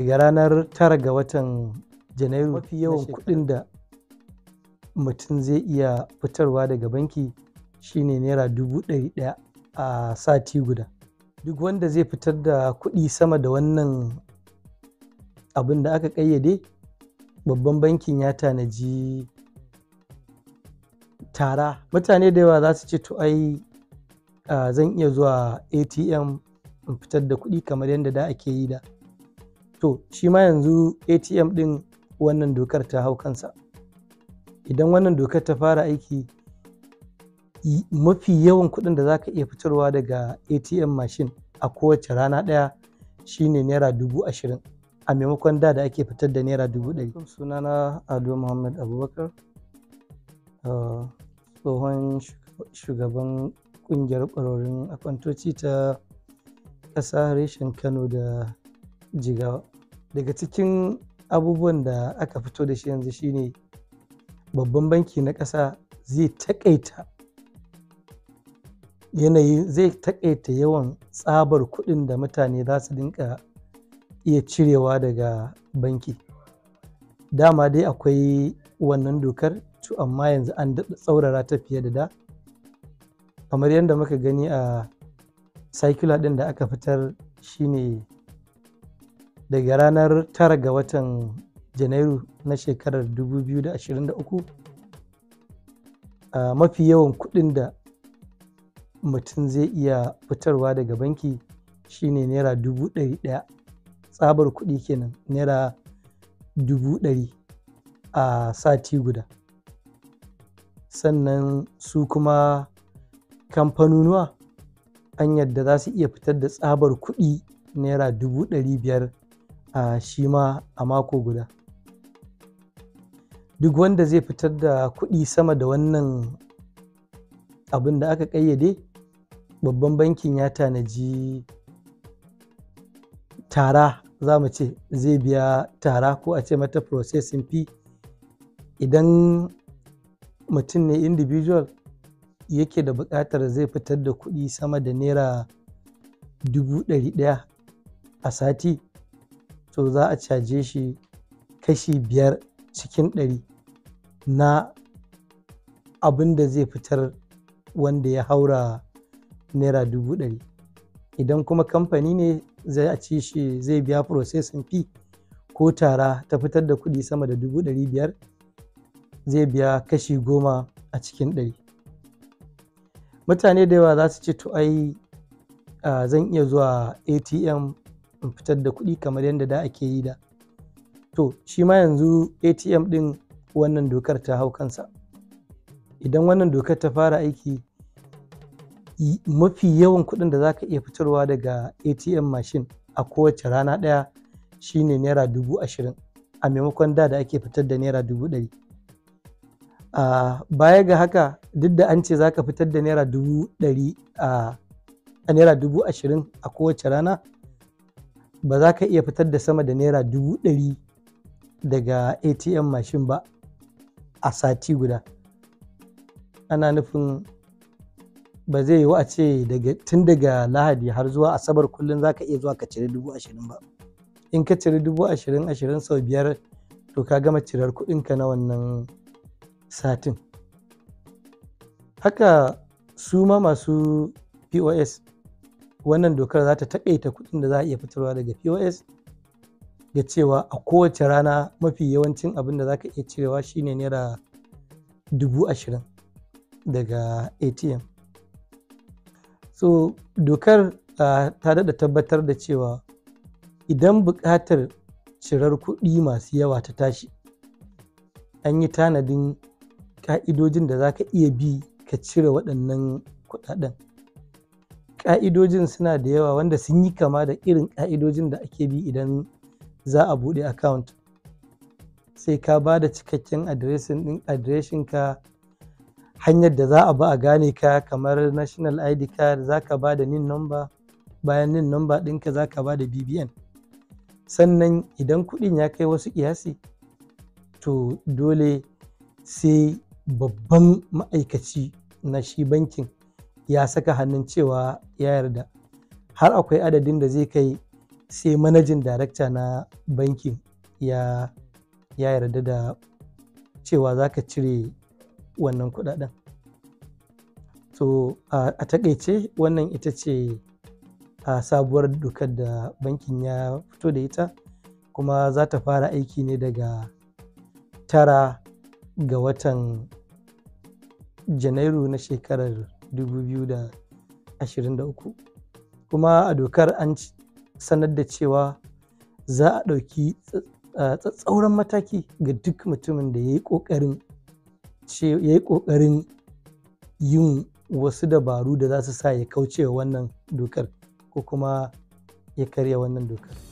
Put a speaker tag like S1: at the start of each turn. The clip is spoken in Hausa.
S1: daga ranar tara ga watan janairu mafi yawan kuɗin da mutum zai iya fitarwa daga banki shine naira dubu ɗari ɗaya a sati guda duk wanda zai fitar da kuɗi sama da wannan abin da aka ƙayyade babban bankin ya tanaji tara mutane da yawa za su ce to ai zan iya zuwa atm in fitar da kuɗi kamar yadda da ake yi da to shi ma yanzu atm din wannan dokar ta hau kansa idan wannan dokar ta fara aiki mafi yawan kuɗin da za ka iya fitarwa daga atm machine a kowace rana ɗaya shine naira dubu ashirin a maimakon da da ake fitar da naira dubu ɗari sunana ado muhammad abubakar uh, tsohon shugaban ƙungiyar ƙwararrun akwantoci ta ƙasa reshen kano da jigawa daga cikin abubuwan da aka fito da shi yanzu shine babban banki na ƙasa zai taƙaita yanayi zai taƙaita yawan tsabar kuɗin da mutane za su dinka iya cirewa daga banki dama dai akwai wannan dokar to amma yanzu an daɗa tsaurara ta fiye da da kamar yadda muka gani a circular ɗin da aka fitar shine daga ranar tara ga watan janairu na shekarar 2023 a mafi yawan kuɗin da mutum zai iya fitarwa daga banki shine naira dubu ɗaya tsabar kuɗi kenan naira dubu a sati guda sannan su kuma kamfanunuwa an yadda za su iya fitar da tsabar kuɗi naira dubu biyar a shi ma a mako guda duk wanda zai fitar da kuɗi sama da wannan abin da aka ƙayyade babban bankin ya tanaji tara za mu ce zai biya tara ko a ce mata processing fee idan mutum ne individual yake da buƙatar zai fitar da kuɗi sama da naira dubu ɗari ɗaya a sati so za a caje shi kashi biyar cikin ɗari na abin da zai fitar wanda ya haura naira dubu ɗari idan kuma kamfani ne zai a ci shi zai biya processing fee ko tara ta fitar da kuɗi sama da dubu ɗari biyar zai biya kashi goma a cikin ɗari mutane da yawa za su ce to ai ah, zan iya zuwa atm in fitar da kuɗi kamar yadda da ake yi da to shi ma yanzu atm ɗin wannan dokar ta hau kansa idan wannan dokar ta fara aiki mafi yawan kuɗin da zaka iya fitarwa daga atm mashin a kowace rana ɗaya shine naira dubu ashirin a maimakon da da ake fitar da naira dubu ɗari a baya ga haka duk da an ce za ka fitar da naira dubu ɗari a naira dubu ashirin a kowace rana ba za ka iya fitar da sama da naira dubu ɗari daga atm mashin ba a sati guda ana nufin ba zai yiwu a ce tun daga lahadi har zuwa asabar kullum za ka iya zuwa ka cire dubu ashirin ba in ka cire dubu ashirin ashirin sau biyar to ka gama cirar kuɗinka na wannan satin haka su ma masu pos wannan dokar za ta takaita kuɗin da za a iya fitarwa daga pos Ga cewa a kowace rana mafi yawancin abin da za ka iya cirewa shine naira dubu ashirin daga atm so dokar ta daɗa tabbatar da cewa idan buƙatar cirar kuɗi masu yawa ta tashi an yi tanadin ƙa'idojin da za ka iya bi ka cire waɗannan kuɗaɗen ƙa'idojin suna da yawa wanda sun yi kama da irin ƙa'idojin da ake bi idan za a buɗe account sai ka ba da cikakken adireshin adireshin ka hanyar da za a ba a gane ka kamar national id card za ka ba da nin number bayan nin number ɗinka za ka ba da bbn sannan idan kuɗin ya kai wasu ƙiyasi to dole sai babban ma'aikaci na shi bankin ya saka hannun cewa ya yarda har akwai adadin da zai kai sai manajin darakta na bankin ya yarda da cewa za ka cire wannan kudaden to a takaice wannan ita ce a sabuwar dokar da bankin ya fito da ita kuma za ta fara aiki ne daga tara ga watan janairu na shekarar 2023 kuma a dokar an sanar da cewa za a ɗauki tsatsauran mataki ga duk mutumin da ya yi ƙoƙarin yin wasu dabaru da za su sa ya kauce wannan dokar ko kuma ya karya wannan dokar.